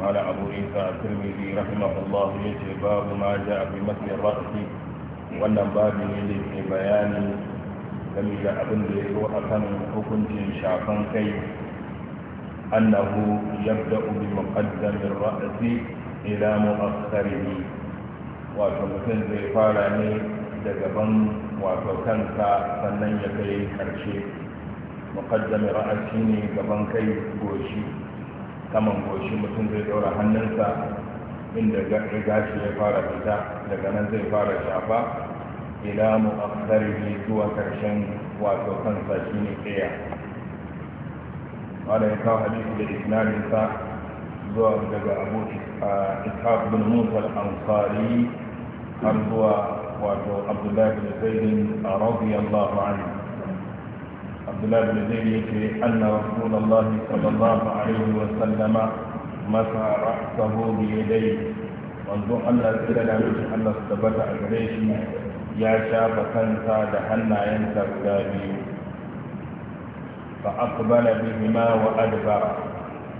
قال أبو عيسى الترمذي رحمه babu يجي باب ما جاء في مثل الرأس wannan babu ne da ke bayani game da abin da ya zo a kan hukuncin shafan kai annahu yabda bi muqaddamin ra'si ila mu'akhkharihi wato mutum zai fara ne da gaban wato kansa sannan ya kai karshe muqaddamin ra'si ne gaban kai goshi saman goshi mutum zai ɗora hannunsa inda riga shi ya fara fita daga nan zai fara shafa ila mu aksarihi zuwa karshen wato kansa shi ne tsaya wadda ya kawo hadisi da isnarinsa zuwa daga abu ishaq bin musa al har zuwa wato abdullahi bin zaidin radiyallahu anhu عبد الله بن زيد يجري أن رسول الله صلى الله عليه وسلم مسح رأسه بيديه wanzu Allah tsira da mace Allah su tabbata a gare shi ya shafa kansa da hannayensa guda biyu fa aqbala bihima wa adbara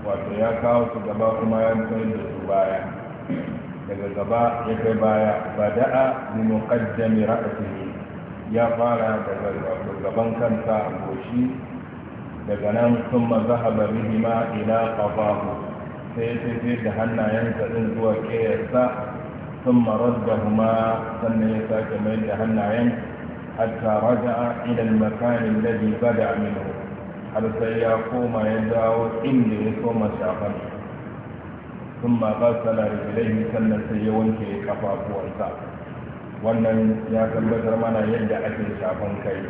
wato ya kawo su gaba kuma ya kai da su baya daga gaba ya kai baya bada'a bi muqaddami ra'sihi ya fara daga gaban kanta a goshi daga nan sun mazahaba bihima ila ƙafafu sai sai da hannayensa ɗin zuwa ƙeyarsa sun marar da kuma sannan ya sake mai da hannayen hatta a idan makanin ba da aminu har sai ya koma ya dawo inda ya soma shafan sun ma ba sana da sannan sai ya wanke kafafuwansa wannan ya tabbatar mana yadda ake shafan kai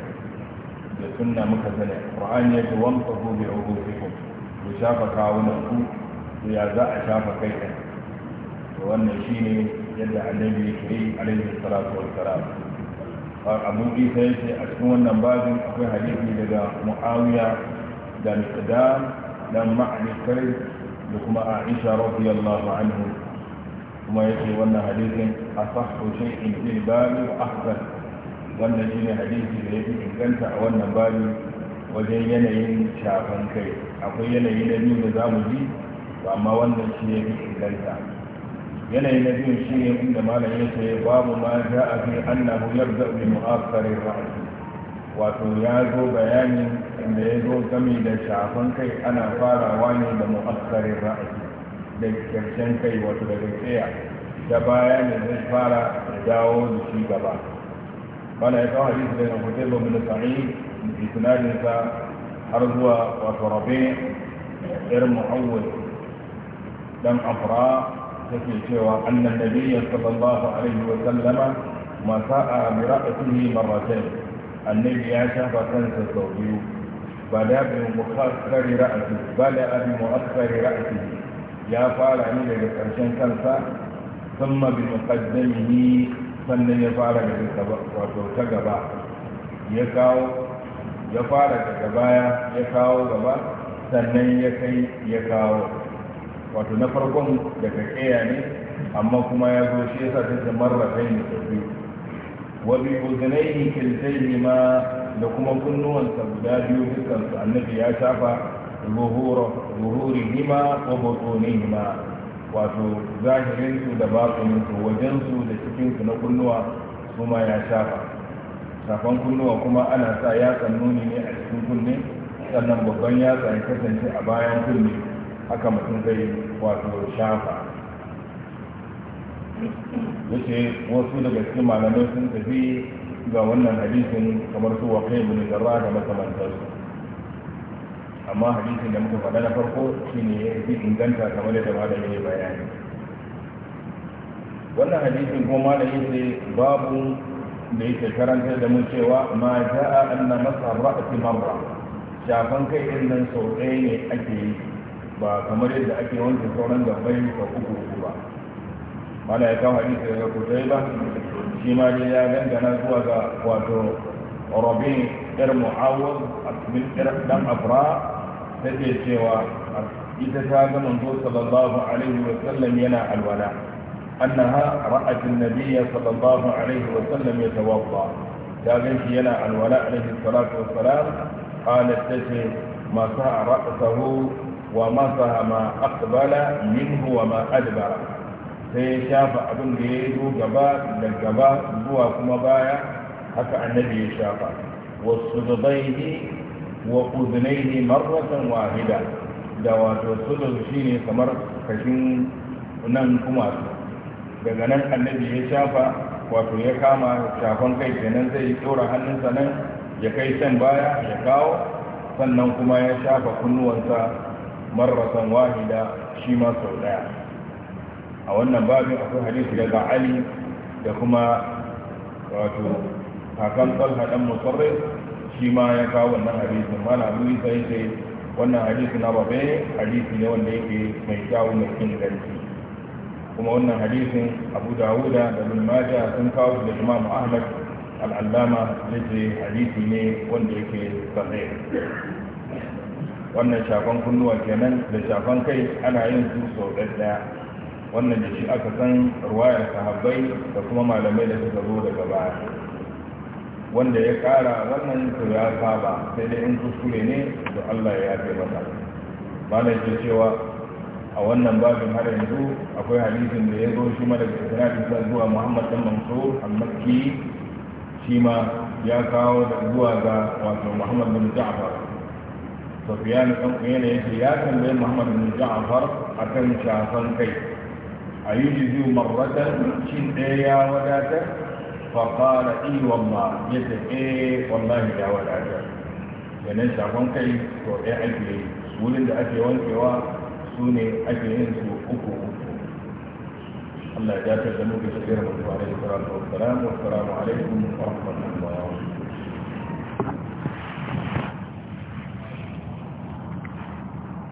da sunna muka sani ƙur'an ya ce wamsa ku bi ruhukum ku shafa kawunan ku to ya za a shafa kai kan?" to wannan shine yadda annabi ya kiri alaihi salatu wassalam abu isa ya ce a cikin wannan babin akwai hadisi daga muawiya da miqdam dan ma'alikar da kuma aisha radiyallahu anhu kuma yake wannan hadisin asahhu shay'in fil babi a ahsan wannan shi ne hadisi da yake inganta a wannan babi wajen yanayin shafan kai akwai yanayi na biyu da zamu ji to amma wannan shi yake inganta yanayi na biyu shi ne inda malam yake babu ma a fi annahu yabda bi mu'akhkhari ra's wato ya zo bayani inda ya zo game da shafan kai ana farawa ne da mu'akhkhari ra's da karshen kai wato daga tsaya da baya ne zai fara da dawo da shi gaba bala ya kawo hadisi daga hudaiba bin sa'id bi sanadinsa har zuwa wato rabi yar mu'awwal dan afra take cewa annan nabiyyi sallallahu alaihi wa sallama ma sa'a bi ra'atihi marratayn annabi ya shafa kansa sau biyu bada bi muakhkhari ra'atihi bada bi muakhkhari ra'atihi ya fara ne daga ƙarshen kansa sun mabi ni, sannan ya fara daga wato ta gaba ya kawo ya fara daga baya ya kawo gaba sannan ya kai ya kawo wato na farkon daga ƙeya ne amma kuma ya zo shi yasa sai marra kai ne ta biyu wa bi uzunaihi kiltayhi ma da kuma kunnuwansa guda biyu dukkan su annabi ya shafa zuhura ma ظاهرهما ma, wato zahirinsu da baɗininsu wajensu da cikinsu na kunnuwa su ma ya shafa shafan kunnuwa kuma ana sa yatsan nuni ne a cikin kunne sannan babban yatsa ya kasance a bayan kunne haka mutum zai wato shafa yace wasu daga cikin malamai sun tafi ga wannan hadisin kamar su wa kai da jarra da makamantarsu amma hadisin da muka faɗa na farko shine ya fi inganta kamar da da ya bayani wannan hadisin kuma malami sai babu da yake karanta da mu cewa ma ja'a anna masa ra'asi mamra shafan kai din nan sau ɗaya ne ake yi ba kamar yadda ake wanke sauran gabai ka uku uku ba mana ya kawo hadisi daga sai ba shi ma dai ya dangana zuwa ga wato rabin yar mu'awwaz asmin ir ɗan abra take cewa ita ta ga manzo sallallahu alaihi wa sallam yana alwala annaha ra'at an-nabiy sallallahu alaihi wa sallam yatawadda ta ga shi yana alwala alaihi salatu wa salam qalat tace ma sa'a ra'sahu wa ma sa'a ma aqbala minhu wa ma adbara sai ya shafa abin da ya yi gaba da gaba zuwa kuma baya haka annabi ya shafa wasu zubai wa ne marratan wahida da wato sulul shine kamar kashin nan kuma daga nan annabi ya shafa wato ya kama shafan kai kenan zai yi tsora hannunsa nan ya kai can baya ya kawo sannan kuma ya shafa kunnuwansa marratan wahida shi ma sau daya a wannan babin akwai hadisi daga ali da kuma wato hakan talha dan shi ma ya kawo wannan hadisin na abu isa yake wannan hadisi na babe hadisi ne wanda yake mai kyawu mai inganci kuma wannan hadisin abu dawuda da bin maja sun kawo da imam ahmad al'allama yake hadisi ne wanda yake sahih wannan shafan kunnuwa kenan da shafan kai ana yin su sau ɗaya wannan da shi aka san ruwayar sahabbai da kuma malamai da suka zo daga baya wanda ya kara wannan to ya saba sai dai in kuskure ne to Allah ya yafe masa na ce cewa a wannan babin har yanzu akwai hadisin da ya zo shi ma daga Isra'il sa zuwa Muhammad bin Mansur al-Makki shi ma ya kawo da zuwa ga wato Muhammad bin Ja'far Sufyan dan Uyayna yace ya tambaye Muhammad bin Ja'far akan shafan kai ayyuzu marratan shin ɗaya ya wadatar فقال اي والله يدعي ايه والله يا والعجل kenan shagon kai to ɗaya ake yi wurin da ake wankewa su ne ake yin su uku uku Allah ya ta da mu ga shirin mutuwa alaihi salatu